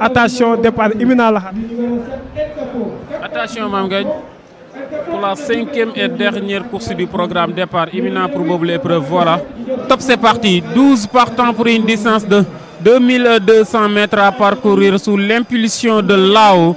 attention départ imminent attention pour la cinquième et dernière course du programme départ imminent pour Bob l'épreuve voilà top c'est parti 12 partants pour une distance de 2200 mètres à parcourir sous l'impulsion de Lao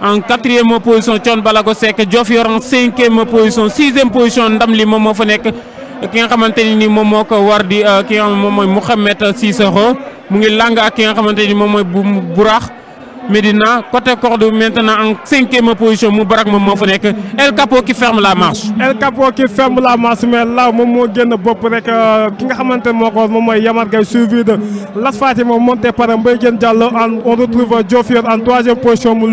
en quatrième position John Ballago Joffrey en cinquième position sixième position ndam Limomofonek. qui a fa le ki de la ni nii moom qui a war di euh, ki nga xam moom mooy Mouhamed Cissokho mu ni Medina côté Cordoue maintenant en cinquième position Moubarak moom El Capo qui ferme la marche. El Capo qui ferme la marche mais là moom moo génn bopp rek euh, ki nga Yamar Gaye suivi de Las Fatima monté par un Diène Diallo on retrouve Diofior en troisième position mu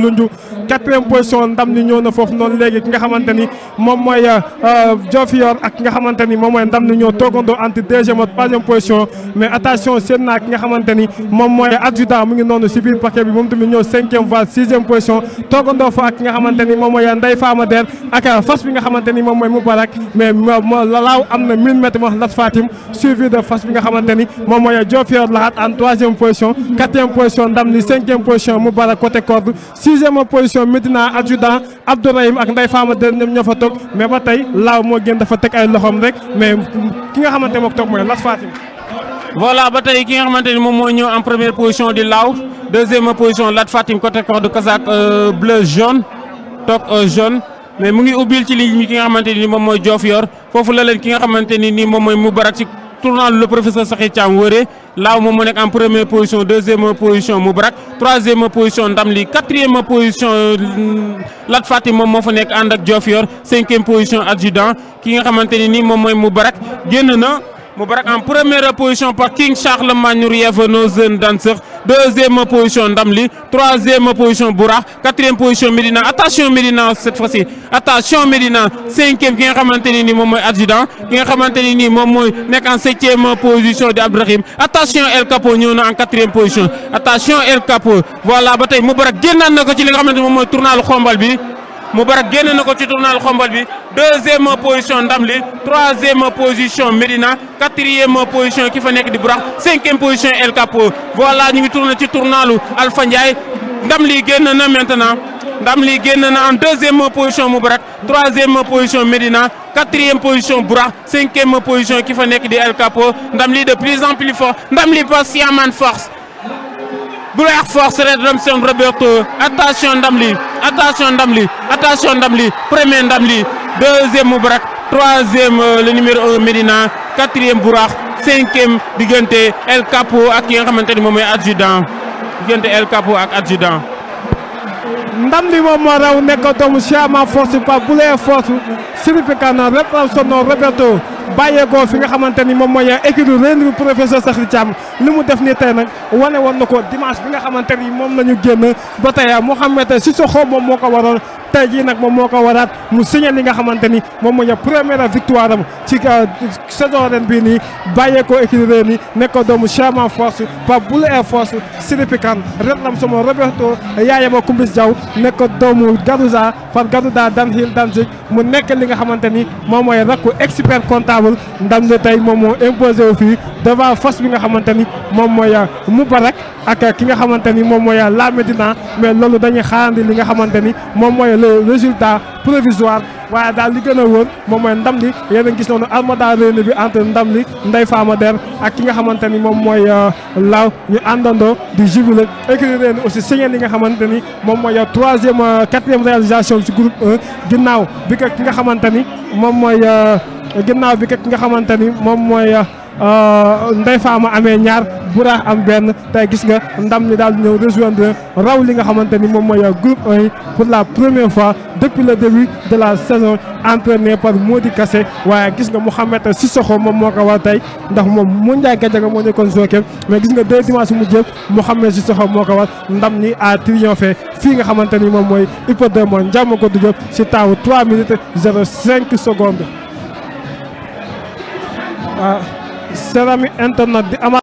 quatrième position ndam ni ñëw na fofu non légui ki nga xamanteni mom moy mooy euh, Diofior ak nga xamanteni mom moy ñoo entre deuxième position mais attention seen naa nga xamanteni mom moy adjudant mu ngi noonu si paquet bi tamit ñëw cinquième voire sixième position togondo fa ak nga xamanteni mom moy mooy Fama Der ak euh, fas bi nga xamanteni mom moy mubarak mais laaw amna na 1000 mètres wax Lat Fatim suivi de fas bi nga xamanteni mom moy Lahat en troisième position quatrième position ndam ni cinquième position mubarak côté corde sixième position commission Medina adjudant Abdourahim ak Ndeye Fama Dër ñoom fa toog mais ba tey laaw moo gën dafa teg ay loxoom rek mais ki nga xamante moom toog mooy Lat Fatim voilà ba tey ki nga xamante ni moom mooy ñëw en première position di laaw deuxième position Lat Fatim côté corps de casaque euh, bleu jaune toog euh, jaune mais mu ngi ubbil ci ligne bi ki nga xamante ni moom mooy Diofior foofu la leen ki nga xamante ni ni moom mooy mu Moubarak ci tournant le professeur Sakhir Thiam wëree Là, où est en première position deuxième position Moubarak troisième position Damli. quatrième position euh, Lat mon Andak en cinquième position adjudant Qui est en ni position, Moubarak Moubarak en première position par King Charles Manuriev, nos danseurs deuxième position Damli, troisième position Boura, quatrième position Medina. Attention Medina cette fois-ci. Attention Medina, cinquième qui est remonté ni moom mooy adjudant qui nga xamante ni en septième position d'Abrahim, attention El Capo nous sommes en quatrième position attention El Capo voilà Bataille, Moubarak génnaan dans le ci li nga de Moubarak gagne na ko ci bi deuxième position Damli, troisième position Medina quatrième position Kifanek de Bura. cinquième position El Capo voilà nous ngi le ci tournalu Alpha Ndiaye Moubarak gagne maintenant Damli gagne en deuxième position Moubarak troisième position Medina quatrième position Boura cinquième position Kifanek de El Capo Damli de plus en plus fort Damli passe à Siaman Force bu force rédemption Roberto attention ndam attention ndam attention ndam premier ndam deuxième Moubrak. troisième euh, le numéro un Médina quatrième Bourak. cinquième diggante El Capo ak qui nga xamante ni moom mooy adjudant El Capo ak adjudant. ndam li moom moo raw nekk doomu pas Ama force pas bu la force significativement Roberto. bàyyeekoo fi nga xamante ni moom mooy équipe ren professeur Sakhri Thiam li mu def ni tey nag wane woon na ko dimanche bi nga xamante ni moom la ñu génn ba tey moo ko waroon moom moo ko waraat mu signé li nga xamante ni moom mooy première victoire am ci euh, saison ren bii nii bàyyeekoo équipe ren yi nekk doomu Chaman Force Pape Boule Air Force Siripi Kane ren lam sama Roberto Kumbis Diaw nekk doomu Garuda far Garuda Danhill Danzig mu nekk li nga xamante ni moom mooy rakku expert comptable table ndam ne tey moom imposé wu devant face bi nga xamante mom moy mubarak ak ki nga xamante mom moy La medina mais lolu dañuy xaarandi li nga xamante mom moy le résultat provisoire waaye daal li gën a wóor moom mooy ndam li yéen a gis noonu armada réuni bi entre ndam li ndey Fama Der ak ki nga xamante ni moom mooy euh, Law ñu àndandoo di jubilé écrit réeni aussi signé li nga xamante ni moom mooy troisième euh, quatrième réalisation si groupe 1 ginnaaw bi ko ki nga xamante ni moom mooy euh, bi nga les euh, ñaar Bura am les tay gis nga ndam ni dal rejoindre raw li nga euh, groupe pour la première fois depuis le début de la saison entraîné par Modi Kassé Mohamed gis nga Sissoko mom moko war ndax mo femmes, mais gis nga deux dimanche mu Sissoko moko ndam ni a triomphé fi nga femmes, mom moy 3 minutes 05 secondes. salaam euh, internet di amaat